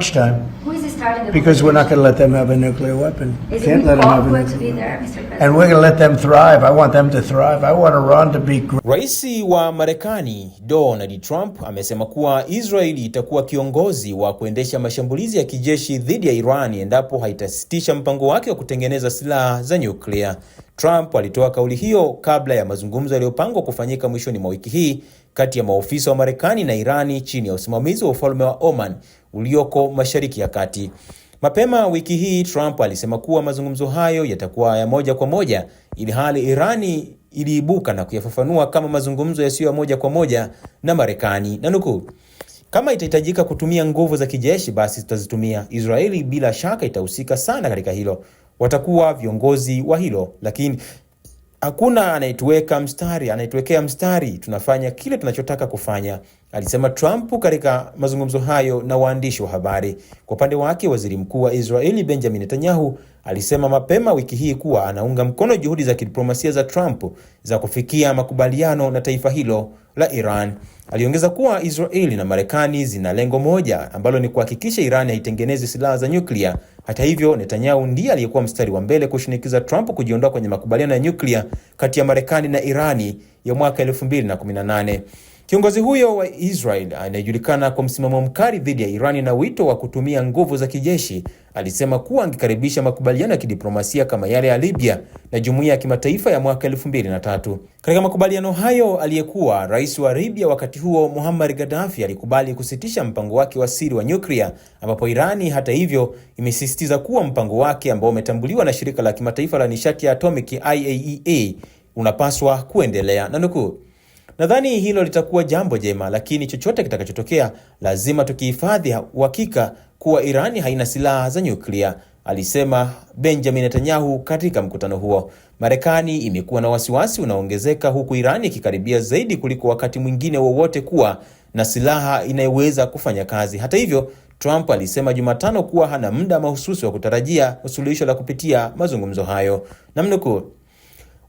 much time Who is starting the? because we're not going to let them have a nuclear weapon. Is Can't it let them have a awkward to nuclear be there, Mr. President? And we're going to let them thrive. I want them to thrive. I want Iran to be great. Raisi wa Marekani Donald Trump amesema kuwa Israel itakuwa kiongozi wa kuendesha mashambulizi ya kijeshi dhidi ya Iran endapo haitasitisha mpango wake wa kutengeneza silaha za nyuklia. Trump alitoa kauli hiyo kabla ya mazungumzo yaliyopangwa kufanyika mwishoni mwa wiki hii kati ya maofisa wa Marekani na Irani chini ya usimamizi wa ufalme wa Oman ulioko Mashariki ya Kati. Mapema wiki hii Trump alisema kuwa mazungumzo hayo yatakuwa ya moja kwa moja, ili hali Irani iliibuka na kuyafafanua kama mazungumzo yasiyo ya moja kwa moja na Marekani, na nukuu, kama itahitajika kutumia nguvu za kijeshi, basi tutazitumia. Israeli bila shaka itahusika sana katika hilo, watakuwa viongozi wa hilo, lakini hakuna anayetuweka mstari, anayetuwekea mstari, tunafanya kile tunachotaka kufanya, alisema Trump katika mazungumzo hayo na waandishi wa habari. Kwa upande wake, waziri mkuu wa Israeli Benjamin Netanyahu alisema mapema wiki hii kuwa anaunga mkono juhudi za kidiplomasia za Trump za kufikia makubaliano na taifa hilo la Iran. Aliongeza kuwa Israeli na Marekani zina lengo moja ambalo ni kuhakikisha Iran haitengenezi silaha za nyuklia. Hata hivyo, Netanyahu ndiye aliyekuwa mstari wa mbele kushinikiza Trump kujiondoa kwenye makubaliano ya nyuklia kati ya Marekani na Irani ya mwaka 2018. Kiongozi huyo wa Israel anayejulikana kwa msimamo mkali dhidi ya Irani na wito wa kutumia nguvu za kijeshi alisema kuwa angekaribisha makubaliano ya kidiplomasia kama yale ya Libya na jumuiya ya kimataifa ya mwaka 2003. Katika makubaliano hayo, aliyekuwa rais wa Libya wakati huo Muammar Gaddafi alikubali kusitisha mpango wake wa siri wa nyuklia, ambapo Irani hata hivyo imesisitiza kuwa mpango wake ambao umetambuliwa na shirika la kimataifa la nishati ya atomiki IAEA e unapaswa kuendelea na nukuu Nadhani hilo litakuwa jambo jema, lakini chochote kitakachotokea, lazima tukihifadhi uhakika kuwa Irani haina silaha za nyuklia, alisema Benjamin Netanyahu katika mkutano huo. Marekani imekuwa na wasiwasi unaoongezeka huku iran ikikaribia zaidi kuliko wakati mwingine wowote kuwa na silaha inayoweza kufanya kazi. Hata hivyo, Trump alisema Jumatano kuwa hana muda mahususi wa kutarajia suluhisho la kupitia mazungumzo hayo. Namnukuu,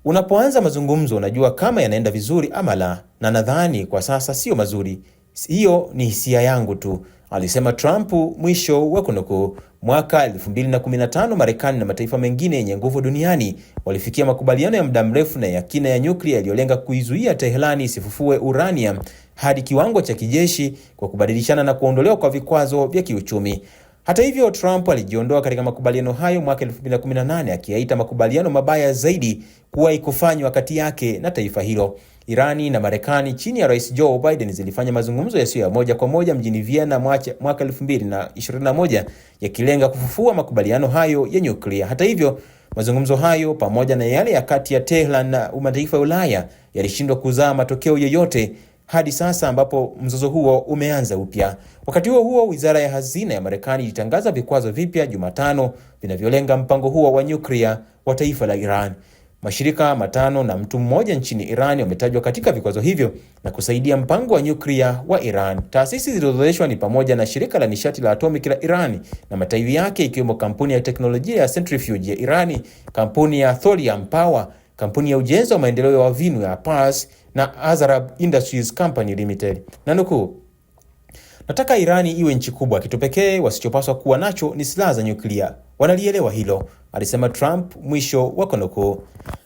Unapoanza mazungumzo unajua kama yanaenda vizuri ama la, na nadhani kwa sasa sio mazuri. Hiyo ni hisia yangu tu, alisema Trump, mwisho wa kunukuu. Mwaka 2015 Marekani na mataifa mengine yenye nguvu duniani walifikia makubaliano ya muda mrefu na ya kina ya nyuklia yaliyolenga kuizuia Teherani isifufue uranium hadi kiwango cha kijeshi kwa kubadilishana na kuondolewa kwa vikwazo vya kiuchumi. Hata hivyo, Trump alijiondoa katika makubaliano hayo mwaka 2018 akiyaita makubaliano mabaya zaidi kuwahi kufanywa kati yake na taifa hilo. Irani na Marekani chini ya Rais Joe Biden zilifanya mazungumzo yasiyo ya moja kwa moja mjini Vienna mwaka 2021 yakilenga kufufua makubaliano hayo ya nyuklia. Hata hivyo, mazungumzo hayo pamoja na yale ya kati ya Tehran na mataifa ya Ulaya yalishindwa kuzaa matokeo yoyote hadi sasa ambapo mzozo huo umeanza upya. Wakati huo huo, wizara ya hazina ya Marekani ilitangaza vikwazo vipya Jumatano vinavyolenga mpango huo wa nyuklia wa taifa la Iran. Mashirika matano na mtu mmoja nchini Iran wametajwa katika vikwazo hivyo na kusaidia mpango wa nyuklia wa Iran. Taasisi zilizoorodheshwa ni pamoja na shirika la nishati la atomiki la Irani na matawi yake, ikiwemo kampuni ya teknolojia ya Centrifuge ya Irani, kampuni ya Thorium Power, kampuni ya ujenzi wa maendeleo ya wavinu ya Pars na Azarab Industries Company Limited. Na nataka Irani iwe nchi kubwa, kitu pekee wasichopaswa kuwa nacho ni silaha za nyuklia, wanalielewa hilo, alisema Trump, mwisho wa kunukuu.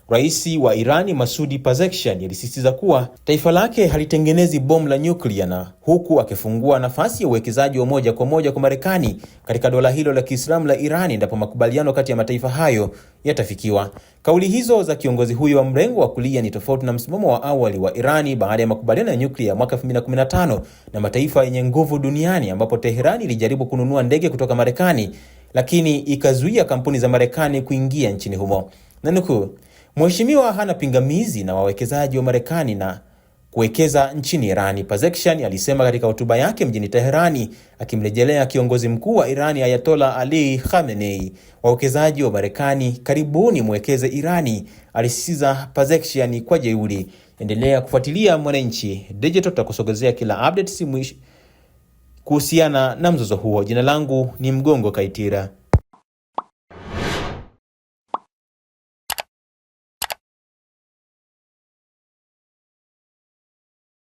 Rais wa Irani Masudi pazekshan alisisitiza kuwa taifa lake halitengenezi bomu la nyuklia na huku akifungua nafasi ya uwekezaji wa moja kwa moja kwa Marekani katika dola hilo la Kiislamu la Irani endapo makubaliano kati ya mataifa hayo yatafikiwa. Kauli hizo za kiongozi huyo wa mrengo wa kulia ni tofauti na msimamo wa awali wa Irani baada ya makubaliano ya nyuklia ya mwaka 2015 na mataifa yenye nguvu duniani ambapo Teherani ilijaribu kununua ndege kutoka Marekani lakini ikazuia kampuni za Marekani kuingia nchini humo. nanuku Mheshimiwa hana pingamizi na wawekezaji wa Marekani na kuwekeza nchini Irani, Pazekshan alisema katika hotuba yake mjini Teherani, akimrejelea kiongozi mkuu wa Irani Ayatollah Ali Khamenei. Wawekezaji wa Marekani, karibuni mwekeze Irani, alisisitiza Pazekshan kwa jeuri. Endelea kufuatilia Mwananchi Digital, tutakusogezea kila update simu kuhusiana na mzozo huo. Jina langu ni Mgongo Kaitira.